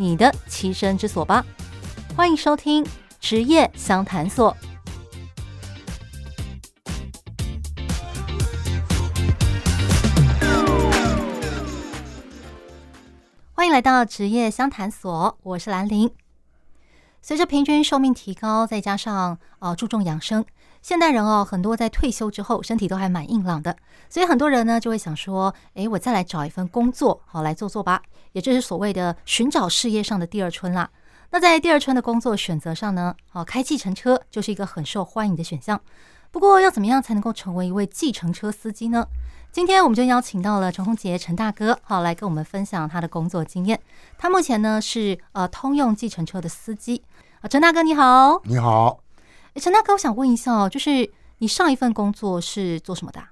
你的棲身之所吧，歡迎收聽職業相談所。歡迎來到職業相談所，我是蘭玲。隨着平均壽命提高，再加上呃注重養生。現代人哦，很多在退休之後身體都還蠻硬朗的，所以很多人呢就會想說：“誒，我再來找一份工作，好來做做吧。”也就是所謂的尋找事業上的第二春啦。那在第二春的工作選擇上呢，哦，開計程車就是一個很受歡迎的選項。不過要怎麼樣才能夠成為一位計程車司機呢？今天我們就邀請到了陳鴻傑陳大哥，好來跟我們分享他的工作經驗。他目前呢是呃通用計程車的司機啊，陳大哥你好，你好。陳大哥，我想問一下哦，就是你上一份工作是做什麼的啊？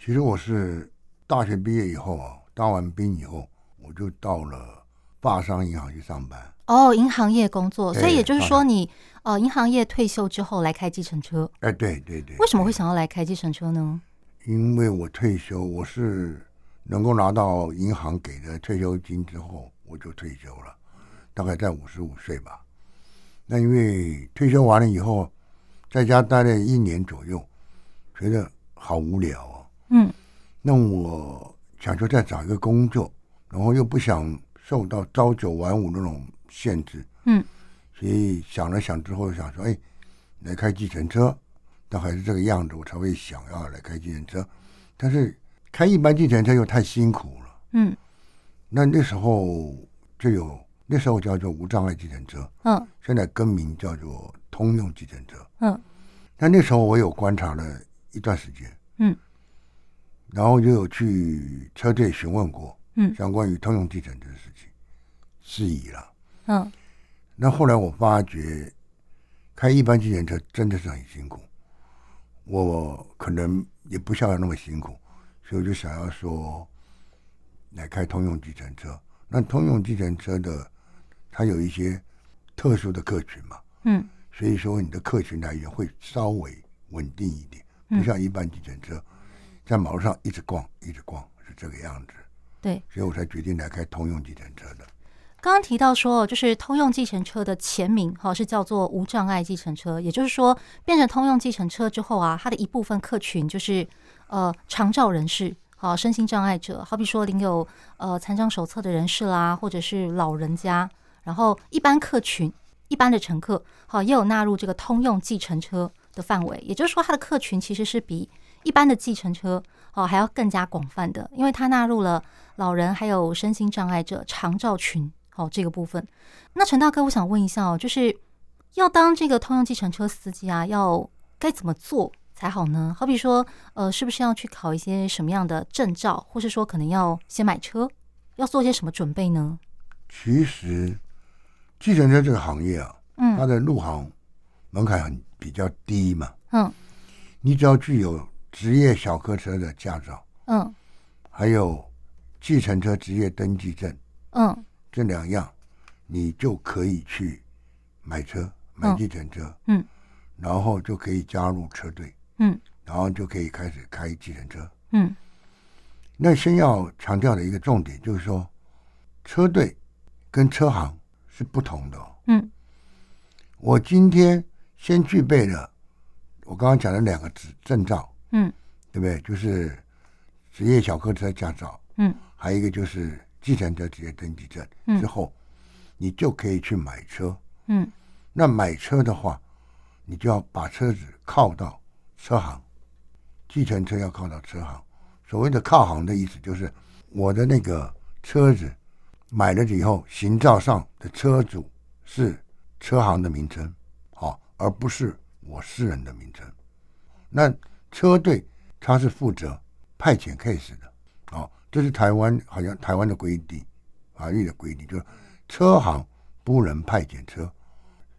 其實我是大學畢業以後啊，當完兵以後，我就到了壩上銀行去上班。哦，銀行業工作，哎，所以也就是說你，你，哎、呃，銀行業退休之後來開計程車。哎，對對對，對。為什麼會想要來開計程車呢？因為我退休，我是能夠拿到銀行給的退休金之後，我就退休了，大概在五十五歲吧。那因為退休完了以後，在家待了一年左右，覺得好無聊啊。嗯，那我想說再找一個工作，然後又不想受到朝九晚五那種限制。嗯，所以想了想之後，想說，哎，來開計程車，但還是這個樣子。我才會想要來開計程車，但是開一般計程車又太辛苦了。嗯，那那時候就有。那時候叫做無障礙計程車，嗯、哦，現在更名叫做通用計程車，嗯、哦。但那時候我有觀察了一段時間，嗯，然後就有去車隊詢問過，嗯，相關於通用計程車的事情事宜了，嗯、哦。那後來我發覺開一般計程車真的是很辛苦，我可能也不需要那麼辛苦，所以我就想要說來開通用計程車。那通用計程車的。它有一些特殊的客群嘛，嗯，所以說你的客群來源會稍微穩定一點，不像一般計程車，在馬路上一直逛、一直逛是這個樣子。對，所以我才決定來開通用計程車的。剛剛提到說，就是通用計程車的前名哈是叫做無障礙計程車，也就是說變成通用計程車之後啊，它的一部分客群就是呃長照人士，好，身心障礙者，好比說您有呃殘障手冊的人士啦、啊，或者是老人家。然後，一般客群，一般的乘客，哦，也有納入這個通用計程車的範圍，也就是說，它的客群其實是比一般的計程車，哦，還要更加廣泛的，因為它納入了老人還有身心障礙者長照群，哦，這個部分。那陳大哥，我想問一下，哦，就是要當這個通用計程車司機啊，要該怎麼做才好呢？好比說，呃，是不是要去考一些什麼樣的證照，或是說，可能要先買車，要做些什麼準備呢？其實。計程車這個行業啊，嗯、它的入行門檻很比較低嘛。嗯，你只要具有職業小客車的駕照，嗯，還有計程車職業登記證，嗯，這兩樣你就可以去買車買計程車，嗯，然後就可以加入車隊，嗯，然後就可以開始開計程車，嗯。那先要強調的一個重點就是說，車隊跟車行。是不同的。嗯，我今天先具備了我剛剛講的兩個證證照，嗯，對不對？就是職業小客車駕照，嗯，還有一個就是計程車職業登記證，嗯。之後，你就可以去買車。嗯，那買車的話，你就要把車子靠到車行，計程車要靠到車行。所謂的靠行的意思，就是我的那個車子。買了以後，行照上的車主是車行的名稱，啊，哦，而不是我私人的名稱。那車隊他是負責派遣 case 的，哦，這是台灣好像台灣的規定，法律的規定，就是車行不能派遣車，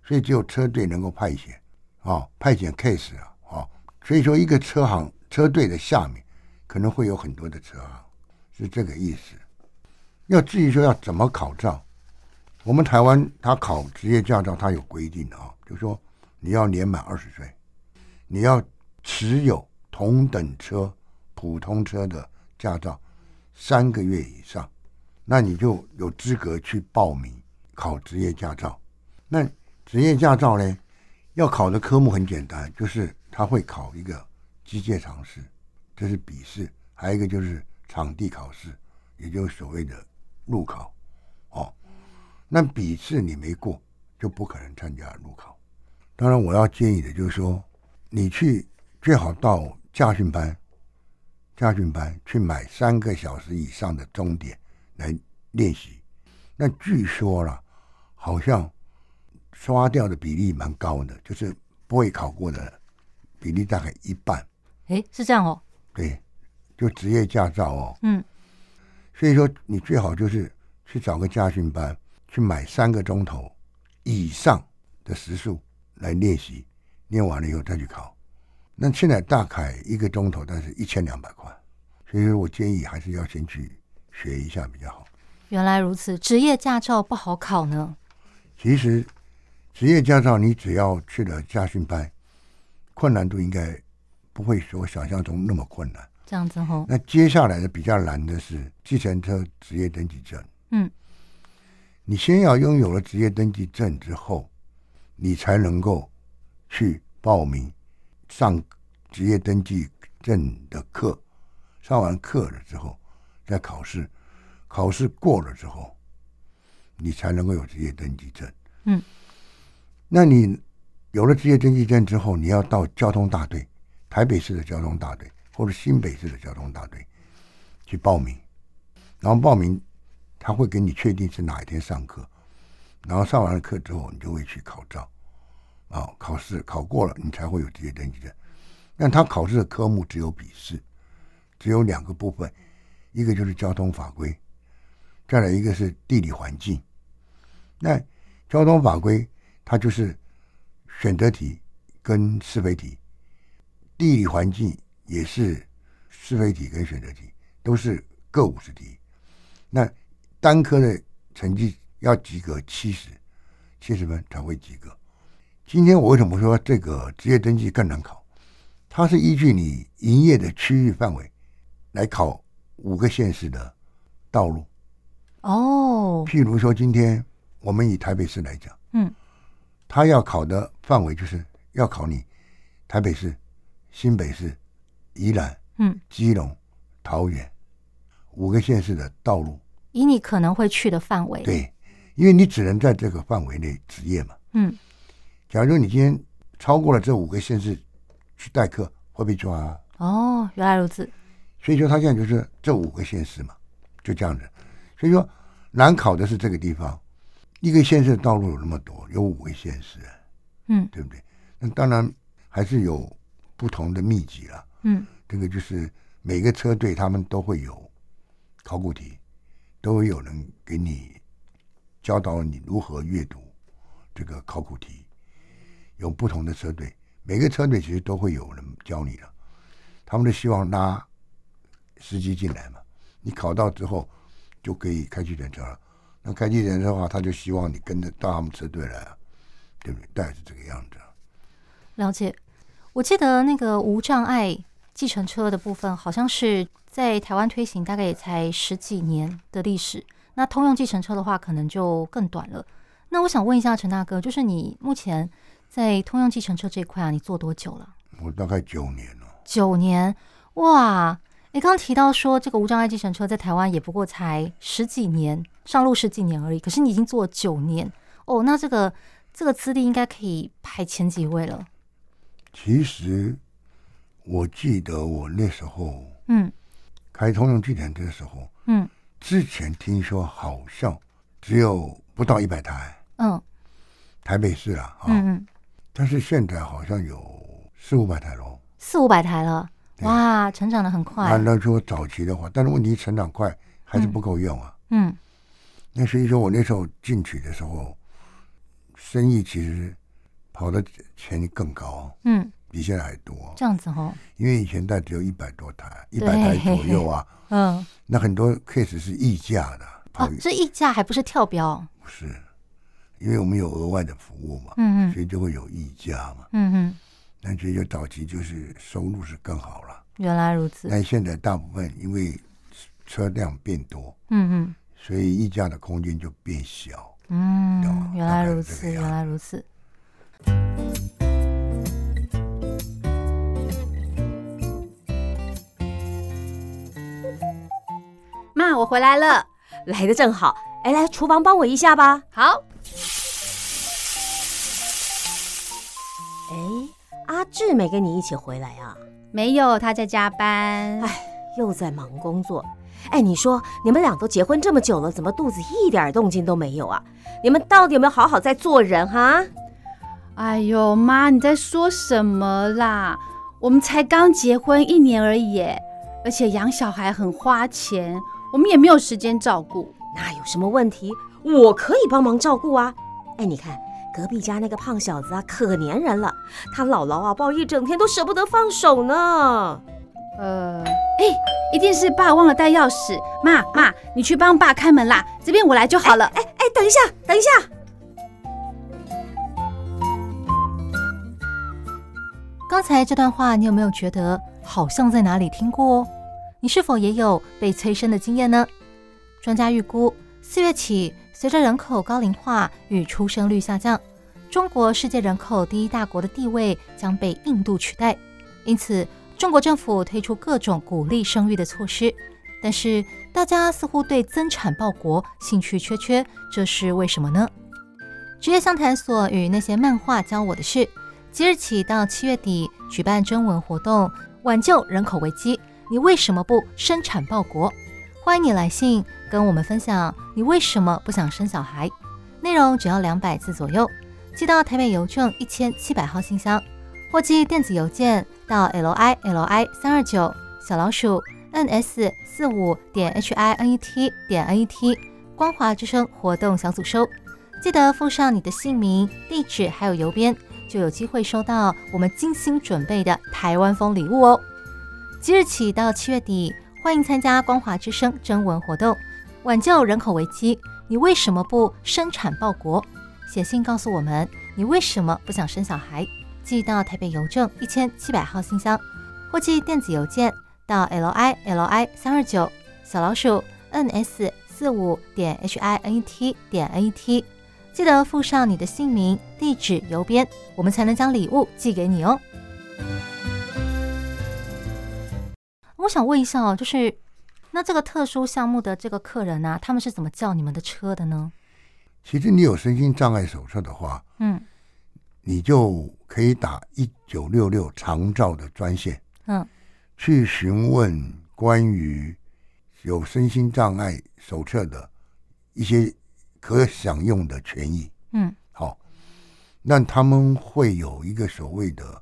所以只有車隊能夠派遣，哦，派遣 case 啊，哦，所以說一個車行車隊的下面可能會有很多的車行啊，是這個意思。要至於說，要怎麼考照，我們台灣它考職業駕照它有規定的啊，就是說你要年滿二十歲，你要持有同等車普通車的駕照三個月以上，那你就有資格去報名考職業駕照。那職業駕照呢，要考的科目很簡單，就是他會考一個機械常識，這、就是筆試，還有一個就是場地考試，也就是所謂的。路考。哦，那筆試你沒過，就不可能參加路考。當然，我要建議的就是說，你去最好到駕訓班，駕訓班去買三個小時以上的鐘點來練習。那據說了，好像刷掉的比例蠻高的，就是不會考過的比例大概一半。哎，是這樣哦。對，就職業駕照哦。嗯。所以說，你最好就是去找個駕訓班，去買三個鐘頭以上的時數來練習，練完了以後再去考。那現在大概一個鐘頭，但是一千兩百塊，所以說我建議還是要先去學一下比較好。原來如此，職業駕照不好考呢？其實，職業駕照你只要去了駕訓班，困難度應該不會是我想象中那麼困難。這樣子吼，那接下來的比較難的是計程車職業登記證。嗯，你先要擁有了職業登記證之後，你才能夠去報名上職業登記證的課。上完課了之後，再考試，考試過了之後，你才能夠有職業登記證。嗯，那你有了職業登記證之後，你要到交通大隊，台北市的交通大隊或者新北市的交通大隊去報名，然後報名，他會給你確定是哪一天上課，然後上完了課之後，你就會去考照。啊，考試考過了，你才會有職業登記證。但他考試的科目只有筆試，只有兩個部分，一個就是交通法規，再來一個是地理環境。那交通法規它就是選擇題跟是非題，地理環境。也是是非題跟選擇題，都是各五十題。那單科的成績要及格七十，七十分才會及格。今天我為什麼說這個職業登記更難考？它是依據你營業的區域範圍來考五個縣市的道路。哦、oh。譬如說，今天我們以台北市來講，嗯，它要考的範圍就是要考你台北市、新北市。宜蘭、嗯、基隆、桃園、嗯、五個縣市的道路，以你可能會去的範圍，對，因為你只能在這個範圍內執業嘛。嗯，假如你今天超過了這五個縣市去代課，會被抓。啊。哦，原來如此。所以說，他現在就是這五個縣市嘛，就這樣子。所以說，難考的是這個地方，一個縣市的道路有那麼多，有五個縣市，啊，嗯，對不對？那當然還是有不同的秘籍了。嗯，這個就是每個車隊他們都會有考古題，都會有人給你教導你如何閱讀這個考古題。有不同的車隊，每個車隊其實都會有人教你的。他們都希望拉司機進來嘛，你考到之後就可以開計程車了。那開計程車的話，他就希望你跟着到他們車隊來，對不對？大概是這個樣子。了解。我記得那個無障礙。計程車的部分好像是在台灣推行，大概也才十幾年的歷史。那通用計程車的話，可能就更短了。那我想問一下陳大哥，就是你目前在通用計程車這塊啊，你做多久了？我大概九年了。九年？哇！你剛剛提到說這個無障礙計程車在台灣也不過才十幾年，上路十幾年而已。可是你已經做九年哦，那這個這個資歷應該可以排前幾位了。其實。我記得我那時候，嗯，開通用計程車的時候，嗯，之前聽說好像只有不到一百台，嗯，台北市啊，嗯，但是現在好像有四五百台嘍，四五百台了，哇，成長的很快。那說早期的話，但是問題成長快還是不夠用啊，嗯，那所以說，我那時候進去的時候，生意其實跑的潛力更高，嗯。比現在還多，這樣子哦。因為以前大概只有一百多台，一百台左右啊。嗯。那很多 case 是溢價的。哦、啊啊，這溢價還不是跳標？不是，因為我們有額外的服務嘛。嗯嗯。所以就會有溢價嘛。嗯嗯。那所就早期就是收入是更好了。原來如此。但現在大部分因為車輛變多，嗯嗯，所以溢價的空間就變小。嗯，原來如此，原來如此。我回來了，啊，來得正好。哎，來廚房幫我一下吧。好。哎，阿志沒跟你一起回來啊？沒有，他在加班。哎，又在忙工作。哎，你說你們倆都結婚這麼久了，怎麼肚子一點動靜都沒有啊？你們到底有沒有好好在做人哈、啊？哎呦媽，你在說什麼啦？我們才剛結婚一年而已，而且養小孩很花錢。我們也沒有時間照顧，那有什麼問題？我可以幫忙照顧啊！哎，你看隔壁家那個胖小子啊，可粘人了，他姥姥啊抱一整天都捨不得放手呢。呃，哎，一定是爸忘了帶鑰匙，媽媽，你去幫爸開門啦，這邊我來就好了。哎哎，哎，等一下，等一下，剛才這段話你有沒有覺得好像在哪裡聽過？哦。你是否也有被催生的經驗呢？專家預估，四月起，隨着人口高齡化與出生率下降，中國世界人口第一大國的地位將被印度取代。因此，中國政府推出各種鼓勵生育的措施。但是，大家似乎對增產報國興趣缺缺，這是為什麼呢？職業相談所與那些漫畫教我的事，即日起到七月底舉辦徵文活動，輓救人口危機。你為什麼不生產報國？歡迎你來信跟我們分享你為什麼不想生小孩。內容只要兩百字左右，寄到台北郵政一千七百號信箱，或寄電子郵件到 l i l i 三二九小老鼠 n s 四五點 h i n e t 點 n e t 光華之聲活動小組收。記得附上你的姓名、地址還有郵編，就有機會收到我們精心準備的台灣風禮物哦。即日起到七月底，歡迎參加《光華之聲》徵文活動，挽救人口危機。你為什麼不生產報國？寫信告訴我們，你為什麼不想生小孩？寄到台北郵政一千七百號信箱，或寄電子郵件到 l i l i 三二九小老鼠 n s 四五點 h i n e t 點 n e t。記得附上你的姓名、地址、郵編，我們才能將禮物寄給你哦。我想問一下哦，就是那這個特殊項目的這個客人呢、啊，他們是怎麼叫你們的車的呢？其實你有身心障礙手冊的話，嗯，你就可以打一九六六長照的專線，嗯，去詢問關於有身心障礙手冊的一些可享用的權益，嗯，好，那他們會有一個所謂的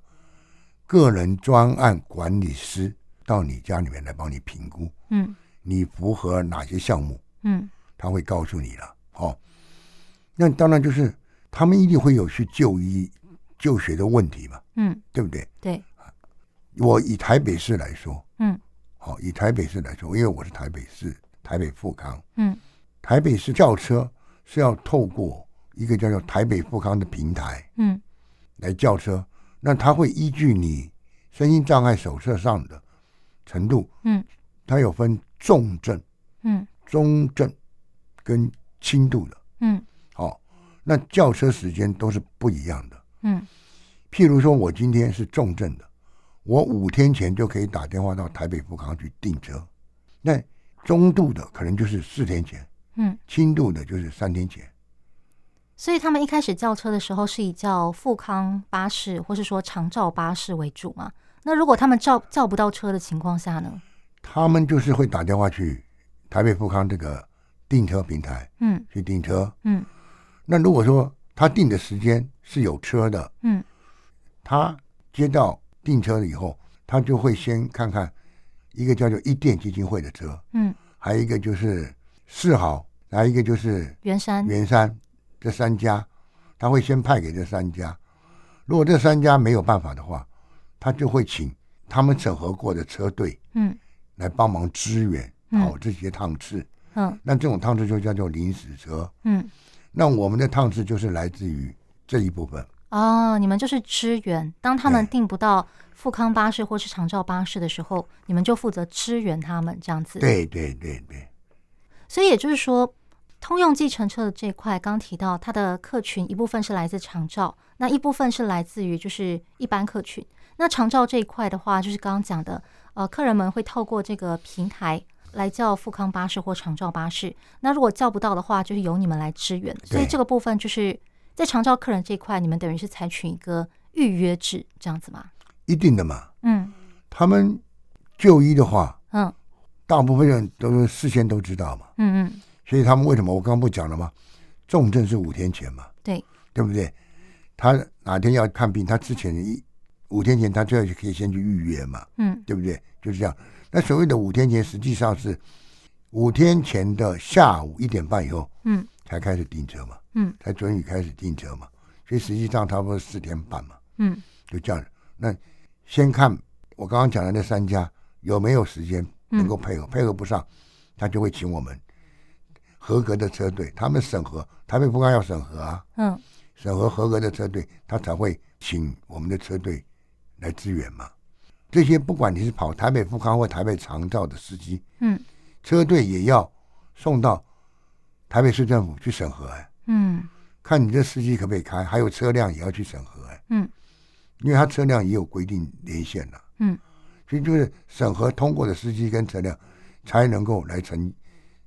個人專案管理師。到你家裡面來幫你評估，嗯，你符合哪些項目？嗯，他會告訴你了，哦，那當然就是他們一定會有去就醫、就學的問題嘛，嗯，對不對？對，我以台北市來說，嗯，好、哦，以台北市來說，因為我是台北市台北復康，嗯，台北市叫車是要透過一個叫做台北復康的平台，嗯，來叫車、嗯，那他會依據你身心障礙手冊上的程度，嗯，它有分重症，嗯，中症，跟輕度的，嗯，好、哦，那叫車時間都是不一樣的，嗯，譬如說，我今天是重症的，我五天前就可以打電話到台北復康去訂車，那中度的可能就是四天前，嗯，輕度的就是三天前，所以他們一開始叫車的時候是以叫復康巴士或是說長照巴士為主嘛？那如果他們叫叫不到車的情況下呢？他們就是會打電話去台北復康這個訂車平台，嗯，去訂車，嗯。那如果說他訂的時間是有車的，嗯，他接到訂車以後，他就會先看看一個叫做伊甸基金會的車，嗯，還有一個就是四號，還有一個就是元山，元山這三家，他會先派給這三家。如果這三家沒有辦法的話。他就會請他們整合過的車隊，嗯，來幫忙支援跑這些趟次，嗯嗯，嗯，那這種趟次就叫做臨時車，嗯，那我們的趟次就是來自於這一部分。哦，你們就是支援，當他們訂不到富康巴士或是長照巴士的時候，你們就負責支援他們這樣子。對對對對，所以也就是說。通用計程車的這塊，剛提到它的客群一部分是來自長照，那一部分是來自於就是一般客群。那長照這一塊的話，就是剛剛講的，呃，客人們會透過這個平台來叫富康巴士或長照巴士。那如果叫不到的話，就是由你們來支援。所以這個部分就是在長照客人這塊，你們等於是採取一個預約制這樣子嗎？一定的嘛。嗯，他們就醫的話，嗯，大部分人都是事先都知道嘛。嗯嗯。所以他們為什麼我剛剛不講了嗎？重症是五天前嘛，對，對不對？他哪天要看病，他之前一五天前他就要去可以先去預約嘛，嗯，對不對？就是這樣。那所謂的五天前，實際上是五天前的下午一點半以後，嗯，才開始訂車嘛，嗯，才准予開始訂車嘛。所以實際上差不多四天半嘛，嗯，就這樣。那先看我剛剛講的那三家有沒有時間能夠配合，配合不上，他就會請我們。合格的車隊，他們審核台北富康要審核啊，嗯，審核合格的車隊，他才會請我們的車隊來支援嘛。這些不管你是跑台北富康或台北長道的司機，嗯，車隊也要送到台北市政府去審核哎、欸，嗯，看你這司機可不可以開，還有車輛也要去審核哎、欸，嗯，因為他車輛也有規定年限了，嗯，所以就是審核通過的司機跟車輛才能夠來成。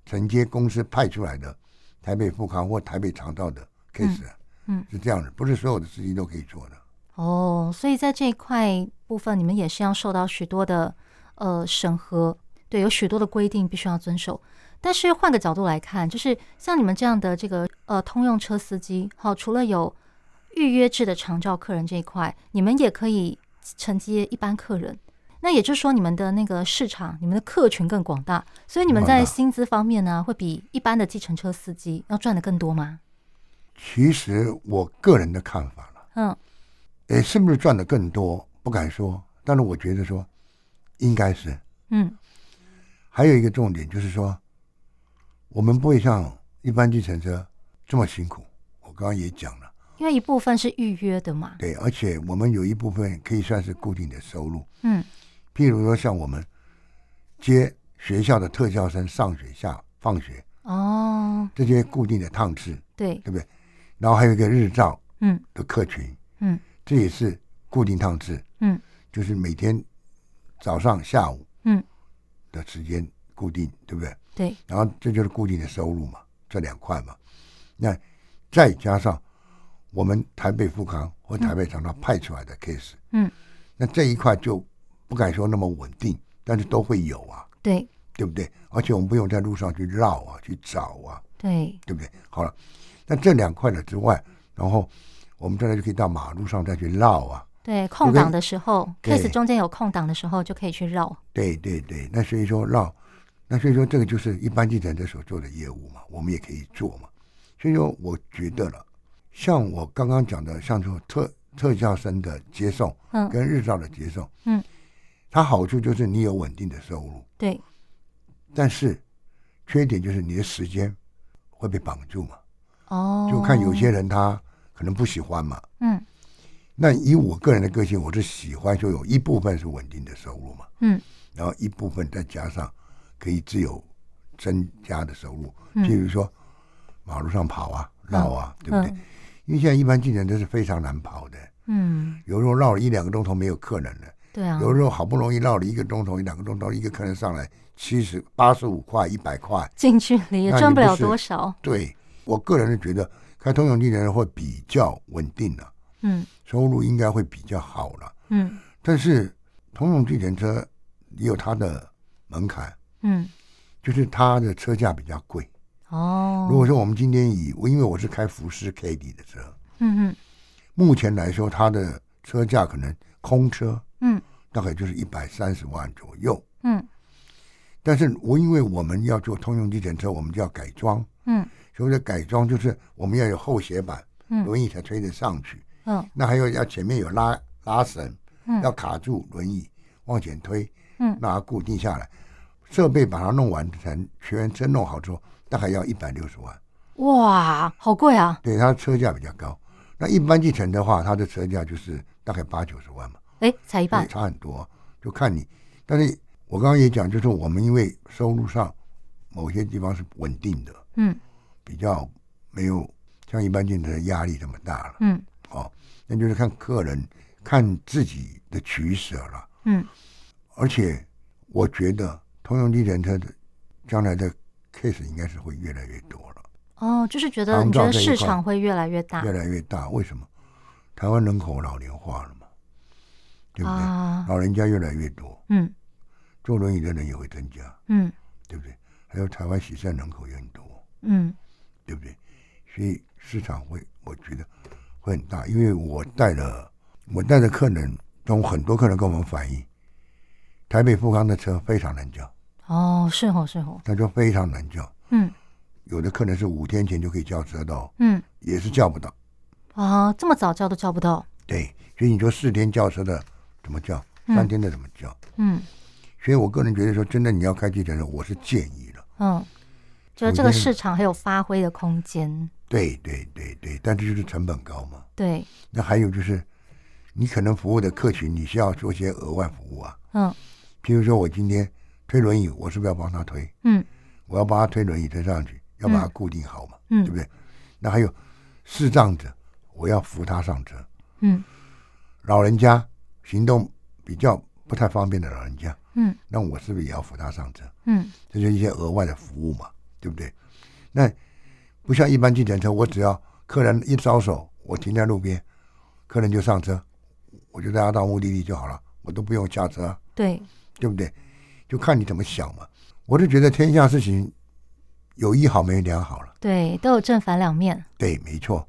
承接公司派出來的台北復康或台北長照的 case，嗯，嗯，是這樣的，不是所有的司機都可以做的。哦，所以在這一塊部分，你們也是要受到許多的呃審核。對，有許多的規定必須要遵守。但是換個角度來看，就是像你們這樣的這個呃通用車司機，好，除了有預約制的長照客人這一塊，你們也可以承接一般客人。那也就是說，你們的那個市場，你們的客群更廣大，所以你們在薪資方面呢，會比一般的計程車司機要賺得更多嗎？其實我個人的看法了，嗯，誒，是不是賺得更多不敢說，但是我覺得說應該是，嗯。還有一個重點就是說，我們不會像一般計程車這麼辛苦。我剛剛也講了，因為一部分是預約的嘛，對，而且我們有一部分可以算是固定的收入，嗯。譬如說，像我們接學校的特教生上學、下放學哦，oh, 這些固定的趟次，對對不對？然後還有一個日照嗯的客群嗯，嗯，這也是固定趟次嗯，就是每天早上、下午嗯的時間固定、嗯，對不對？對。然後這就是固定的收入嘛，這兩塊嘛。那再加上我們台北復康或台北長樂派出來的 case 嗯，那這一塊就。不敢說那麼穩定，但是都會有啊，對對不對？而且我們不用在路上去繞啊，去找啊，對對不對？好了，那這兩塊的之外，然後我們再來就可以到馬路上再去繞啊，對，空檔的時候，開始中間有空檔的時候就可以去繞，對對對。那所以說繞，那所以說這個就是一般計程車所做的業務嘛，我們也可以做嘛。所以說，我覺得了，像我剛剛講的，像這種特特教生的接送，嗯，跟日照的接送，嗯。嗯它好處就是你有穩定的收入，對。但是，缺點就是你的時間會被綁住嘛。哦、oh。就看有些人他可能不喜歡嘛。嗯。那以我個人的個性，我是喜歡就有一部分是穩定的收入嘛。嗯。然後一部分再加上可以自有增加的收入，嗯，譬如說馬路上跑啊、嗯、繞啊，對不對？嗯、因為現在一般進者都是非常難跑的。嗯。有時候繞了一兩個鐘頭沒有客人了。對啊，有時候好不容易繞了一個鐘頭、一兩個鐘頭，一個客人上來七十八十五塊、一百塊，近距離也賺不了多少。對，我個人是覺得開通用計程車會比較穩定了，嗯，收入應該會比較好了，嗯。但是通用計程車也有它的門檻，嗯，就是它的車價比較貴哦。如果說我們今天以因為我是開福斯 Caddy 的車，嗯嗯，目前來說它的車價可能空車。嗯，大概就是一百三十萬左右。嗯，但是我因為我們要做通用計程車，我們就要改裝。嗯，所以改裝就是我們要有後斜板、嗯，輪椅才推得上去。嗯、哦，那還有要前面有拉拉繩、嗯，要卡住輪椅往前推。嗯，讓它固定下來，設備把它弄完成，全車弄好之後，大概要一百六十萬。哇，好貴啊！對，它車價比較高。那一般計程的話，它的車價就是大概八九十萬嘛。哎、欸，才一半，差很多，就看你。但是我剛剛也講，就是我們因為收入上某些地方是穩定的，嗯，比較沒有像一般電的壓力這麼大了，嗯，哦，那就是看客人，看自己的取捨了，嗯。而且我覺得通用計程車的將來的 case 應該是會越來越多了。哦，就是覺得你覺得市場會越來越大，越來越大。為什麼？台灣人口老齡化了嘛。對不對、啊？老人家越來越多，嗯，坐輪椅的人也會增加，嗯，對不對？還有台灣洗腎人口也很多，嗯，對不對？所以市場會，我覺得會很大。因為我帶的我帶的客人中，很多客人跟我們反映，台北復康的車非常難叫。哦，是哦，是哦，那就非常難叫。嗯，有的客人是五天前就可以叫車到。嗯，也是叫不到。啊，這麼早叫都叫不到。對，所以你說四天叫車的。怎麼叫？三天的怎麼叫？嗯，嗯，所以，我個人覺得說，真的，你要開計程車的，我是建議的。嗯，就是這個市場還有發揮的空間。對對對對，但這就是成本高嘛。對。那還有就是，你可能服務的客群，你需要做些額外服務啊。嗯。譬如說，我今天推輪椅，我是不是要幫他推？嗯。我要幫他推輪椅推上去，要把它固定好嘛嗯？嗯，對不對？那還有視障者，我要扶他上車。嗯。老人家。行動比較不太方便的老人家，嗯，那我是不是也要扶他上車？嗯，這就是一些額外的服務嘛，對不對？那不像一般計程車，我只要客人一招手，我停在路邊，客人就上車，我就帶他到目的地就好了，我都不用下車。對，對不對？就看你怎麼想嘛。我就覺得天下事情有一好沒兩好了，對，都有正反兩面。對，沒錯。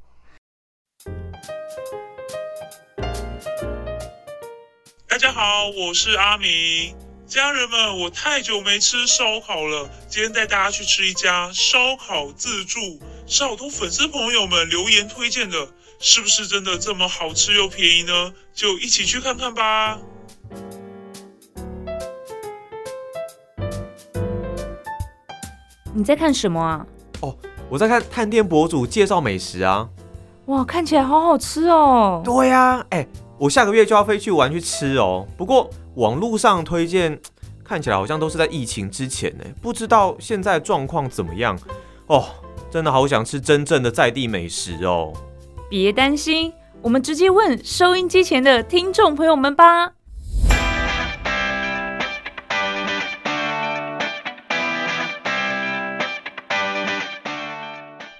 大家好，我是阿明。家人們，我太久沒吃燒烤了，今天帶大家去吃一家燒烤自助，是好多粉絲朋友們留言推薦的，是不是真的這麼好吃又便宜呢？就一起去看看吧。你在看什麼啊？哦，我在看探店博主介紹美食啊。哇，看起來好好吃哦。對呀，啊，哎。我下個月就要飛去玩去吃哦。不過網路上推薦看起來好像都是在疫情之前呢，不知道現在狀況怎麼樣哦。真的好想吃真正的在地美食哦。別擔心，我們直接問收音機前的聽眾朋友們吧。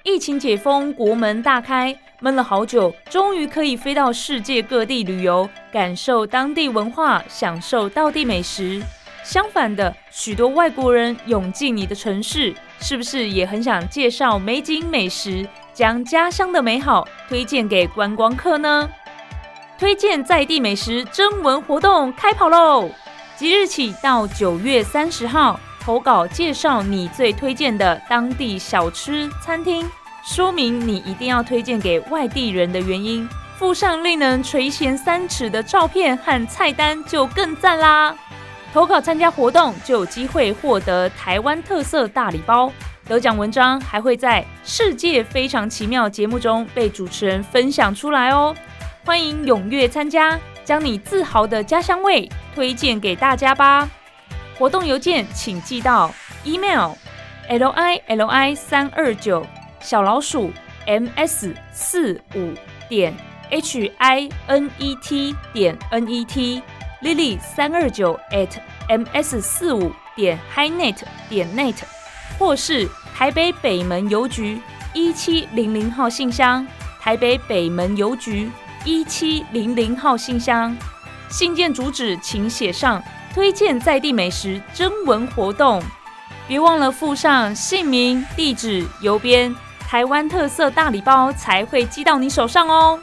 疫情解封，國門大開。悶了好久，終於可以飛到世界各地旅遊，感受當地文化，享受道地美食。相反的，許多外國人湧進你的城市，是不是也很想介紹美景美食，將家鄉的美好推薦給觀光客呢？推薦在地美食徵文活動開跑嘍！即日起到九月三十號，投稿介紹你最推薦的當地小吃餐廳。說明你一定要推薦給外地人的原因，附上令人垂涎三尺的照片和菜單就更讚啦！投稿參加活動就有機會獲得台灣特色大禮包，得獎文章還會在《世界非常奇妙》節目中被主持人分享出來哦！歡迎踴躍參加，將你自豪的家鄉味推薦給大家吧！活動郵件請寄到 email li li 三二九。小老鼠 m s 四五點 h i n e t 點 n e t lily 三二九 at m s 四五點 h i n e t 點 n e t 或是台北北門郵局一七零零號信箱，台北北門郵局一七零零號信箱。信件主旨請寫上推薦在地美食徵文活動，別忘了附上姓名、地址、郵編。台灣特色大禮包才會寄到你手上哦。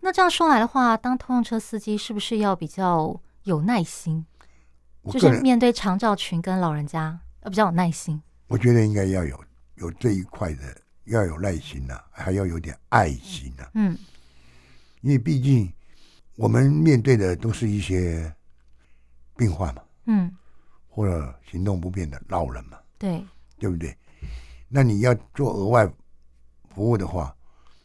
那這樣說來的話，當通用車司機是不是要比較有耐心？就是面對長照群跟老人家，要比較有耐心。我覺得應該要有有這一塊的，要有耐心吶、啊，還要有點愛心吶、啊。嗯。因為畢竟，我們面對的都是一些病患嘛，嗯，或者行動不便的老人嘛，對，對不對？那你要做額外服務的話，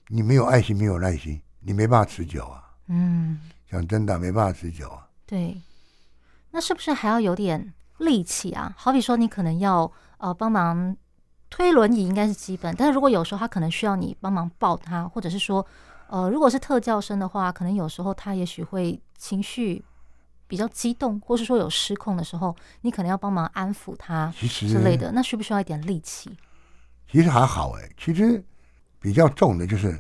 你沒有愛心，沒有耐心，你沒辦法持久啊。嗯，講真的，沒辦法持久啊。對，那是不是還要有點力氣啊？好比說，你可能要呃幫忙推輪椅，應該是基本。但是如果有時候他可能需要你幫忙抱他，或者是說。呃，如果是特教生的話，可能有時候他也許會情緒比較激動，或是說有失控的時候，你可能要幫忙安撫他，其實之類的。那需不需要一點力氣？其實還好哎、欸，其實比較重的就是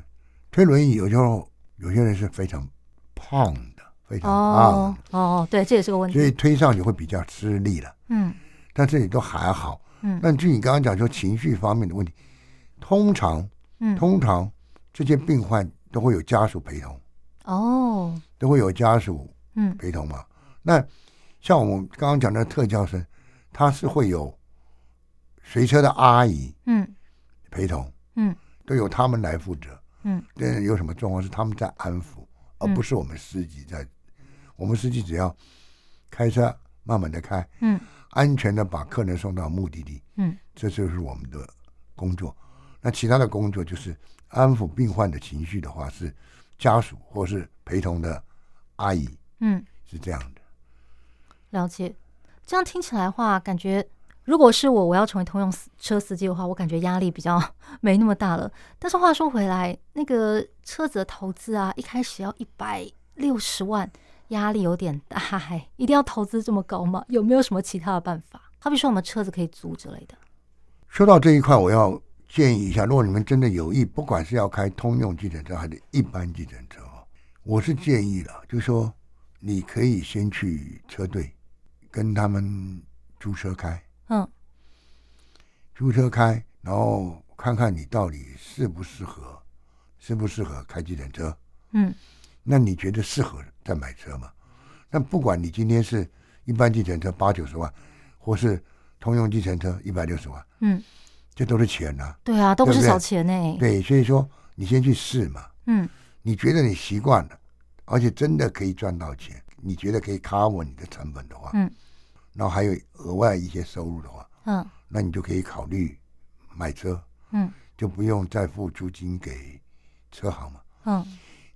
推輪椅，有時候有些人是非常胖的，非常胖的哦，哦，對，這也是個問題，所以推上去會比較吃力了。嗯，但這裡都還好。嗯，那據你剛剛講說情緒方面的問題，通常，嗯，通常這些病患。都會有家屬陪同哦，oh, 都會有家屬嗯陪同嘛、嗯。那像我們剛剛講的特教生，他是會有隨車的阿姨嗯陪同嗯，都由他們來負責嗯。那有什麼狀況是他們在安撫，嗯、而不是我們司機在。嗯、我們司機只要開車慢慢的開嗯，安全的把客人送到目的地嗯，這就是我們的工作。那其他的工作就是。安撫病患的情緒的話，是家屬或是陪同的阿姨。嗯，是這樣的。了解，這樣聽起來的話，感覺如果是我，我要成為通用車司機的話，我感覺壓力比較沒那麼大了。但是話說回來，那個車子的投資啊，一開始要一百六十萬，壓力有點大。一定要投資這麼高嗎？有沒有什麼其他的辦法？好比說，我們車子可以租之類的。說到這一塊，我要。建議一下，如果你們真的有意，不管是要開通用計程車還是一般計程車，我是建議了，就是說你可以先去車隊跟他們租車開，嗯、哦，租車開，然後看看你到底適不適合，適不適合開計程車。嗯，那你覺得適合再買車嗎？那不管你今天是一般計程車八九十萬，或是通用計程車一百六十萬，嗯。這都是錢吶、啊，對啊，都不是少錢呢。對，所以說你先去試嘛。嗯。你覺得你習慣了，而且真的可以賺到錢，你覺得可以 cover 你的成本的話，嗯，然後還有額外一些收入的話，嗯，那你就可以考慮買車，嗯，就不用再付租金給車行嘛，嗯，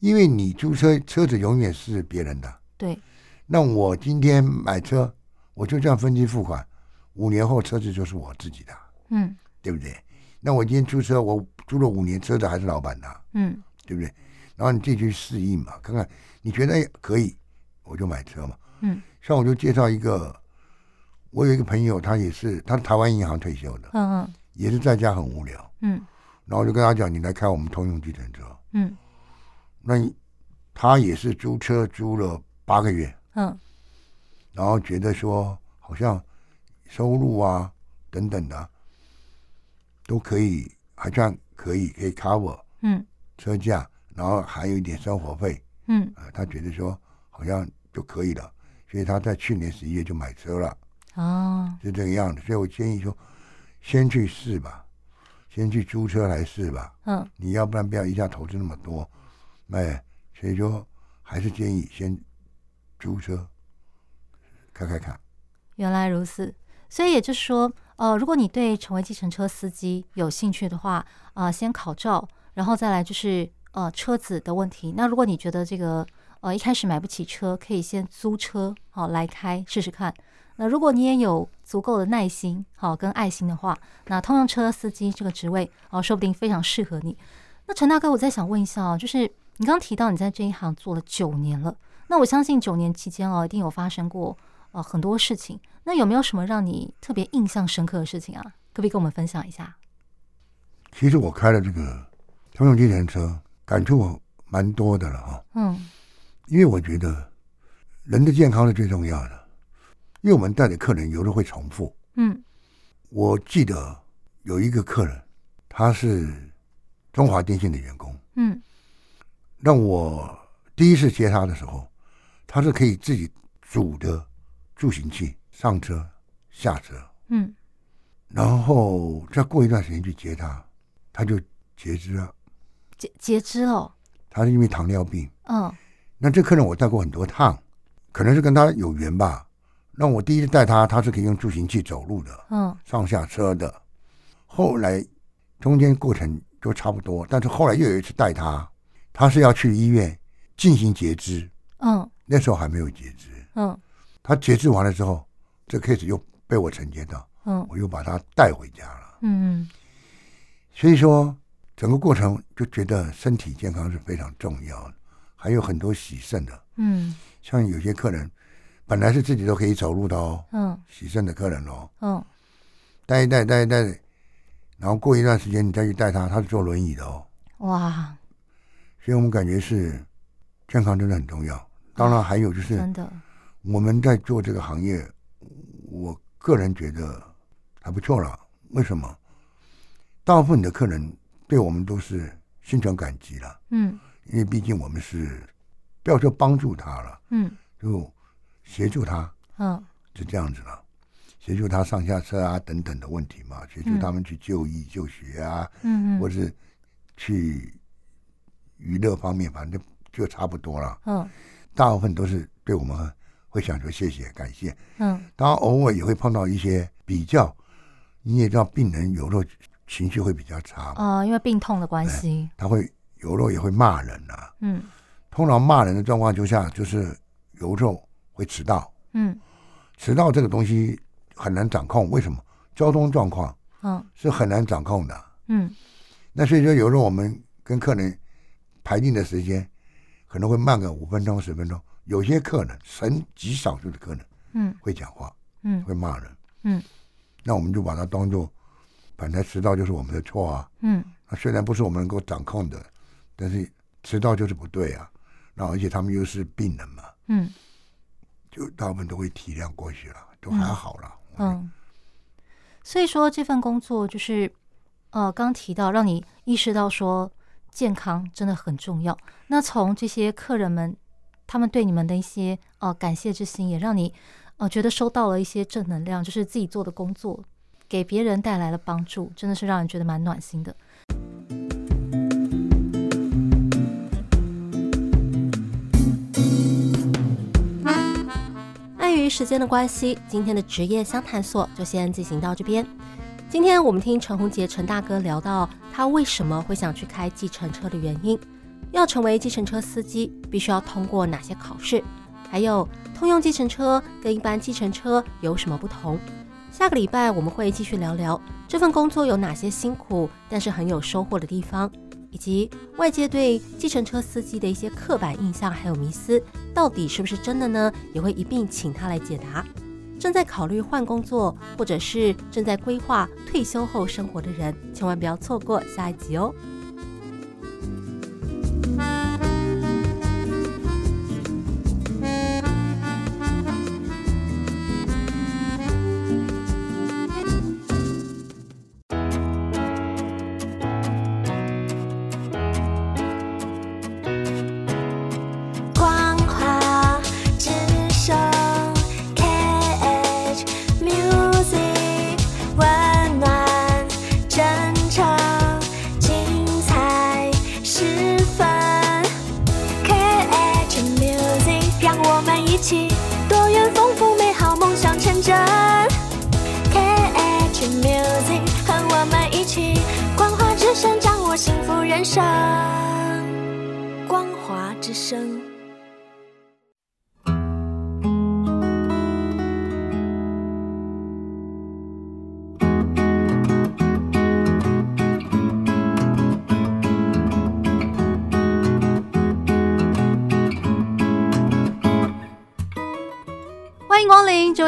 因為你租車車子永遠是別人的、嗯，對。那我今天買車，我就這樣分期付款，五年後車子就是我自己的，嗯。對不對？那我今天租車，我租了五年車的還是老闆吶、啊？嗯，對不對？然後你自己去適應嘛，看看你覺得可以，我就買車嘛。嗯，像我就介紹一個，我有一個朋友，他也是他是台灣銀行退休的，嗯嗯，也是在家很無聊，嗯，然後就跟他講，你來開我們通用計程車，嗯，那他也是租車租了八個月，嗯，然後覺得說好像收入啊等等的。都可以，好像可以可以 cover，嗯，車價，然後還有一點生活費，嗯、呃，他覺得說好像就可以了，所以他在去年十一月就買車了，哦，是這個樣子，所以我建議說先去試吧，先去租車來試吧，嗯、哦，你要不然不要一下投資那麼多，哎、嗯，所以說還是建議先租車，開開看。原來如此，所以也就是說。呃，如果你對成為計程車司機有興趣的話，啊、呃，先考照，然後再來就是呃車子的問題。那如果你覺得這個呃一開始買不起車，可以先租車好、哦、來開試試看。那如果你也有足夠的耐心好、哦、跟愛心的話，那通用車司機這個職位啊、哦，說不定非常適合你。那陳大哥，我再想問一下啊、哦，就是你剛提到你在這一行做了九年了，那我相信九年期間哦，一定有發生過。哦，很多事情，那有沒有什麼讓你特別印象深刻的事情啊？可不可以跟我們分享一下？其實我開了這個通用計程車，感觸我蠻多的了哈、啊。嗯，因為我覺得人的健康是最重要的。因為我們帶的客人有的會重複，嗯，我記得有一個客人，他是中華電信的員工，嗯，那我第一次接他的時候，他是可以自己煮的。助行器上車、下車，嗯，然後再過一段時間去接他，他就截肢了，截截肢哦，他是因為糖尿病，嗯、哦，那這客人我帶過很多趟，可能是跟他有緣吧。那我第一次帶他，他是可以用助行器走路的，嗯、哦，上下車的。後來中間過程都差不多，但是後來又有一次帶他，他是要去醫院進行截肢，嗯、哦，那時候還沒有截肢，嗯、哦。他截肢完了之後，這 case 又被我承接到，嗯，嗯，我又把他帶回家了，嗯，所以說整個過程就覺得身體健康是非常重要的，還有很多洗腎的，嗯，嗯，嗯，像有些客人本來是自己都可以走路的哦，嗯，洗腎的客人哦，嗯，帶一帶帶一帶，然後過一段時間你再去帶他，他是坐輪椅的哦，哇、嗯，所以我們感覺是健康真的很重要，當然還有就是真的。我們在做這個行業，我個人覺得還不錯了。為什麼？大部分的客人對我們都是心存感激了。嗯，因為畢竟我們是不要說幫助他了，嗯，就協助他，嗯，就這樣子了，協助他上下車啊等等的問題嘛，協助他們去就醫，嗯，就學啊，嗯，嗯，或者是去娛樂方面，反正就就差不多了。嗯，大部分都是對我們很。會想說謝謝，感謝。嗯，當然偶爾也會碰到一些比較，你也知道，病人有時候情緒會比較差嘛。啊、呃，因為病痛的關係，嗯、他會有時候也會罵人啊。嗯，通常罵人的狀況之下，就是有時候會遲到。嗯，遲到這個東西很難掌控，為什麼？交通狀況，嗯，是很難掌控的。嗯，那所以說有時候我們跟客人排定的時間可能會慢個五分鐘十分鐘。有些客人，很極少數的客人，嗯，會講話，嗯，會罵人，嗯，那我們就把它當做，本來遲到就是我們的錯啊，嗯，那雖然不是我們能夠掌控的，但是遲到就是不對啊，那而且他們又是病人嘛，嗯，就大部分都會體諒過去了，都還好啦，嗯，嗯，所以說這份工作就是，呃，剛剛提到讓你意識到說健康真的很重要，那從這些客人們。他們對你們的一些呃感謝之心，也讓你呃覺得收到了一些正能量，就是自己做的工作給別人帶來了幫助，真的是讓人覺得蠻暖心的。礙於時間的關係，今天的職業相談所就先進行到這邊。今天我們聽陳鴻傑陳大哥聊到他為什麼會想去開計程車的原因。要成為計程車司機，必須要通過哪些考試？還有通用計程車跟一般計程車有什麼不同？下個禮拜我們會繼續聊聊這份工作有哪些辛苦，但是很有收穫的地方，以及外界對計程車司機的一些刻板印象還有迷思，到底是不是真的呢？也會一併請他來解答。正在考慮換工作，或者是正在規劃退休後生活的人，千萬不要錯過下一集哦。起，多元豐富美好夢想成真。Catch Music 和我們一起，光華之聲掌握幸福人生。光華之聲。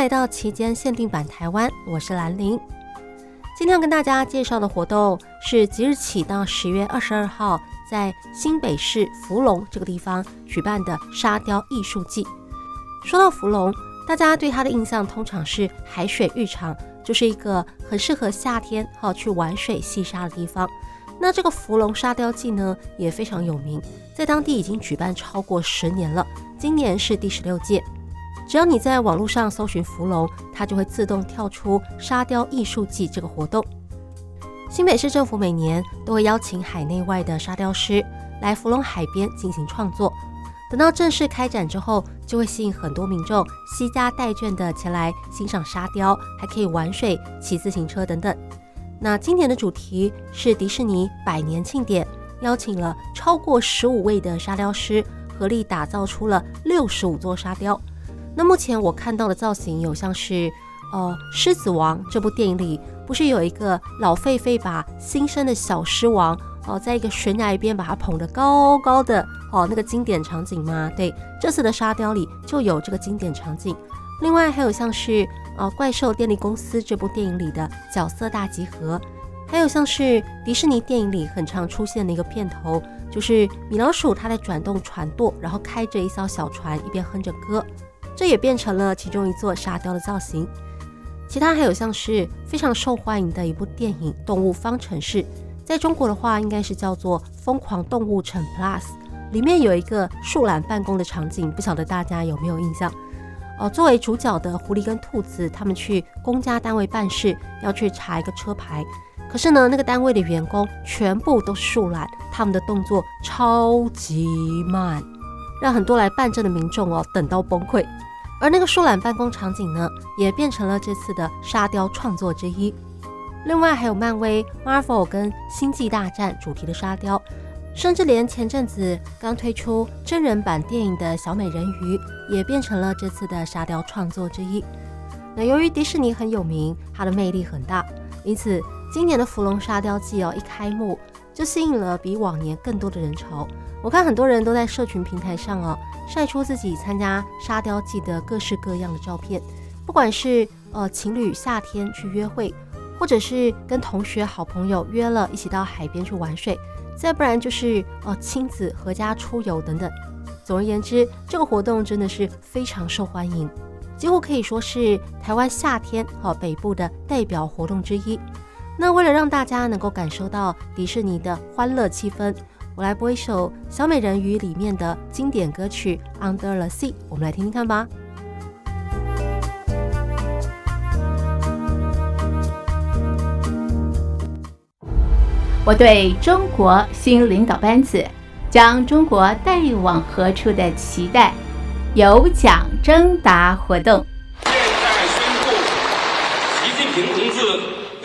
來到期間限定版台灣，我是蘭玲。今天要跟大家介紹的活動是即日起到十月二十二號，在新北市福隆這個地方舉辦的沙雕藝術季。說到福隆，大家對它的印象通常是海水浴場，就是一個很適合夏天好去玩水戲沙的地方。那這個福隆沙雕季呢，也非常有名，在當地已經舉辦超過十年了，今年是第十六屆。只要你在網絡上搜尋「福隆」，它就會自動跳出“沙雕藝術季”這個活動。新北市政府每年都會邀請海內外的沙雕師來福隆海邊進行創作。等到正式開展之後，就會吸引很多民眾攜家帶眷的前來欣賞沙雕，還可以玩水、騎自行車等等。那今年的主題是迪士尼百年慶典，邀請了超過十五位的沙雕師合力打造出了六十五座沙雕。那目前我看到的造型有像是，呃，《獅子王》這部電影裡不是有一個老狒狒把新生的小獅王，哦、呃，在一個懸崖一邊把它捧得高高的，哦、呃，那個經典場景嗎？對，這次的沙雕裡就有這個經典場景。另外還有像是，呃，《怪獸電力公司》這部電影裡的角色大集合，還有像是迪士尼電影裡很常出現的一個片頭，就是米老鼠他在轉動船舵，然後開着一艘小船，一邊哼着歌。這也變成了其中一座沙雕的造型。其他還有像是非常受歡迎的一部電影《動物方程式》，在中國的話應該是叫做《瘋狂動物城 Plus》。裡面有一個樹懶辦公的場景，不曉得大家有沒有印象？哦，作為主角的狐狸跟兔子，他們去公家單位辦事，要去查一個車牌。可是呢，那個單位的員工全部都是樹懶，他們的動作超級慢，讓很多來辦證的民眾哦等到崩潰。而那個樹懶辦公場景呢，也變成了這次的沙雕創作之一。另外還有漫威、Marvel 跟星際大戰主題的沙雕，甚至連前陣子剛推出真人版電影的小美人魚，也變成了這次的沙雕創作之一。那由於迪士尼很有名，它的魅力很大，因此今年的《福隆沙雕季》要一開幕，就吸引了比往年更多的人潮。我看很多人都在社群平台上啊，曬出自己參加沙雕季的各式各樣的照片，不管是呃情侶夏天去約會，或者是跟同學好朋友約了一起到海邊去玩水，再不然就是呃親子合家出遊等等。總而言之，這個活動真的是非常受歡迎，幾乎可以說是台灣夏天和北部的代表活動之一。那為了讓大家能夠感受到迪士尼的歡樂氣氛，我來播一首《小美人魚》裡面的經典歌曲《Under the Sea》，我們來聽聽看吧。我對中國新領導班子將中國帶往何處的期待，有獎徵答活動。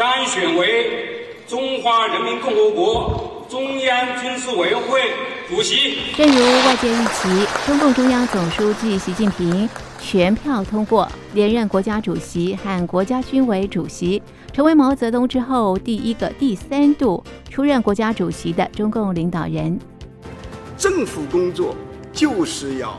當選為中華人民共和國中央軍事委員會主席。正如外界預期，中共中央總書記習近平全票通過連任國家主席和國家軍委主席，成為毛澤東之後第一個第三度出任國家主席的中共領導人。政府工作就是要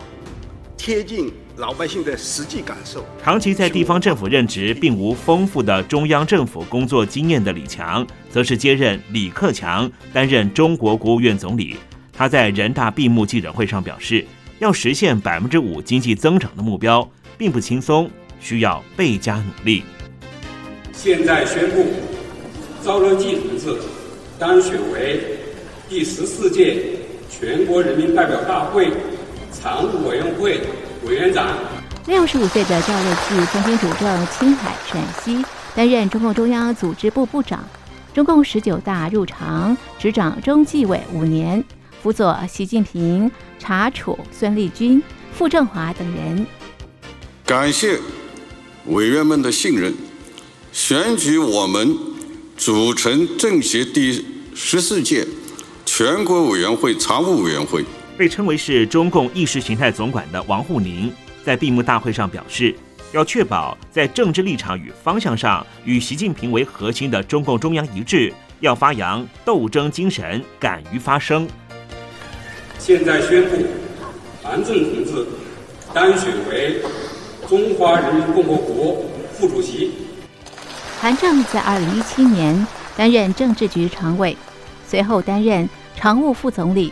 貼近，老百姓的實際感受。長期在地方政府任職，並無豐富的中央政府工作經驗的李強，則是接任李克強擔任中國國務院總理。他在人大閉幕記者會上表示，要實現百分之五經濟增長的目標，並不輕鬆，需要倍加努力。現在宣布，趙樂際同志當選為第十四屆全國人民代表大會常務委員會，委員長，六十五歲的趙樂際曾經主政青海、陝西，擔任中共中央組織部部長。中共十九大入常，執掌中紀委五年，輔佐習近平查處孫立軍、傅政華等人。感謝委員們的信任，選舉我們組成政協第十四屆全國委員會常務委員會。被稱為是中共意識形態總管的王滬寧，在閉幕大會上表示，要確保在政治立場與方向上與習近平為核心的中共中央一致，要發揚鬥爭精神，敢於發聲。現在宣布，韓正同志當選為中華人民共和國副主席。韓正在二零一七年擔任政治局常委，隨後擔任常務副總理。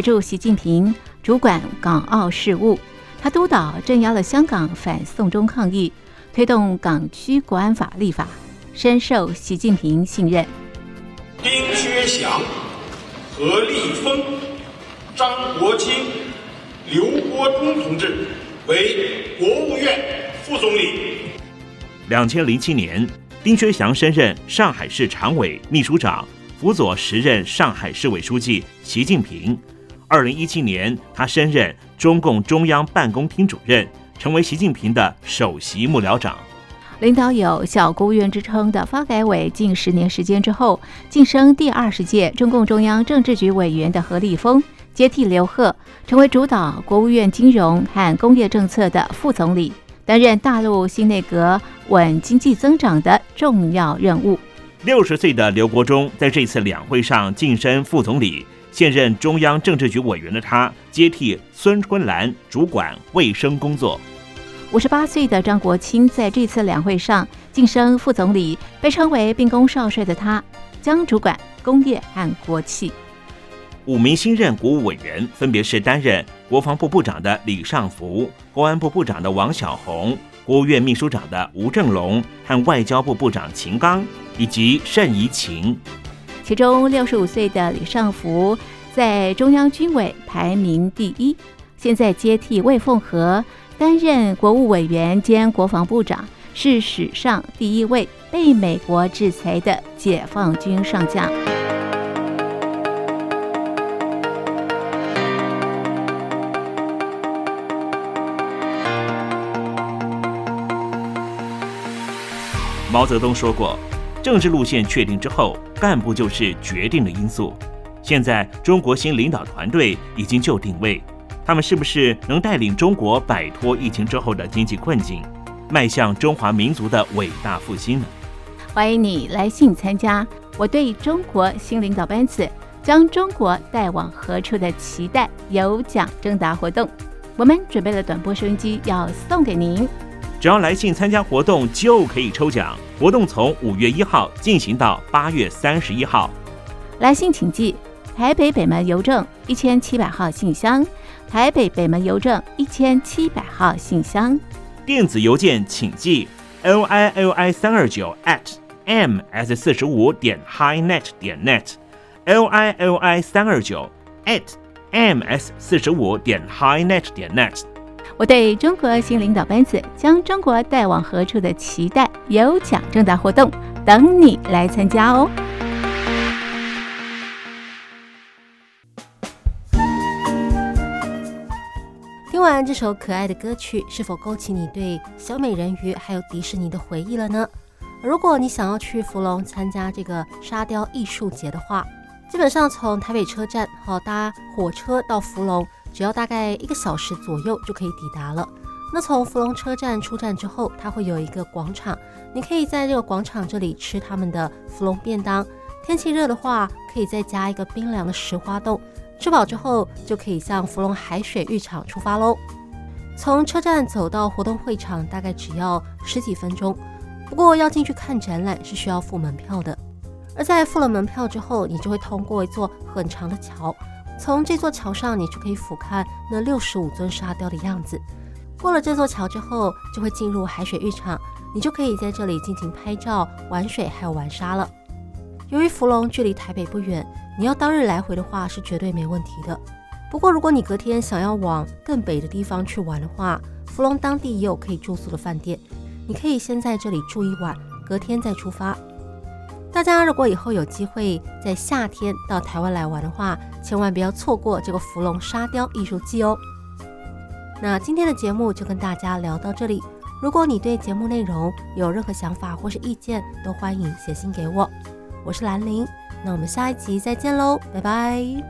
協助習近平主管港澳事務，他督導鎮壓了香港反送中抗議，推動港區國安法立法，深受習近平信任。丁薛祥、何立峰、張國清、劉國中同志為國務院副總理。兩千零七年，丁薛祥升任上海市常委秘書長，輔佐時任上海市委書記習近平。二零一七年，他升任中共中央辦公廳主任，成為習近平的首席幕僚長。領導有“小國務院”之稱的發改委，近十年時間之後，晉升第二十屆中共中央政治局委員的何立峰接替劉鶴，成為主導國務院金融和工業政策的副總理，擔任大陸新內閣穩經濟增長的重要任務。六十歲的劉國中在這次兩會上晉升副總理。現任中央政治局委員的他接替孫春蘭主管衛生工作。五十八歲的張國清在這次兩會上晉升副總理，被稱為“兵工少帥”的他將主管工業和國企。五名新任國務委員分別是擔任國防部部長的李尚福、公安部部長的王小洪、國務院秘書長的吳政隆和外交部部長秦剛以及諶貽琴。其中，六十五歲的李尚福在中央軍委排名第一，現在接替魏鳳和擔任國務委員兼國防部長，是史上第一位被美國制裁的解放軍上將。毛澤東說過：“政治路線確定之後，”幹部就是決定的因素。現在，中國新領導團隊已經就定位，他們是不是能帶領中國擺脫疫情之後的經濟困境，邁向中華民族的偉大復興呢？歡迎你來信你參加我對中國新領導班子將中國帶往何處的期待有獎徵答活動。我們準備了短波收音機要送給您。只要來信參加活動就可以抽獎，活動從五月一號進行到八月三十一號。來信請寄台北北門郵政一千七百號信箱，台北北門郵政一千七百號信箱。電子郵件請寄 l i l i 三二九 at ms 四十五點 hinet 點 n e t，l i l i 三二九 at ms 四十五點 hinet 點 net。我對中國新領導班子將中國帶往何處的期待，有獎徵答活動等你來參加哦！聽完這首可愛的歌曲，是否勾起你對小美人魚還有迪士尼的回憶了呢？如果你想要去福隆參加這個沙雕藝術節的話，基本上從台北車站好搭火車到福隆。只要大概一個小時左右就可以抵達了。那從福隆車站出站之後，它會有一個廣場，你可以在這個廣場這裡吃他們的福隆便當。天氣熱的話，可以再加一個冰涼的石花凍。吃飽之後，就可以向福隆海水浴場出發嘍。從車站走到活動會場大概只要十幾分鐘，不過要進去看展覽是需要付門票的。而在付了門票之後，你就會通過一座很長的橋。從這座橋上，你就可以俯瞰那六十五尊沙雕的樣子。過了這座橋之後，就會進入海水浴場，你就可以在這裡進行拍照、玩水，還有玩沙了。由於福隆距離台北不遠，你要當日來回的話是絕對沒問題的。不過，如果你隔天想要往更北的地方去玩的話，福隆當地也有可以住宿的飯店，你可以先在這裡住一晚，隔天再出發。大家如果以後有機會在夏天到台灣來玩的話，千萬不要錯過這個福隆沙雕藝術季哦。那今天的節目就跟大家聊到這裡。如果你對節目內容有任何想法或是意見，都歡迎寫信給我。我是蘭陵，那我們下一集再見嘍，拜拜。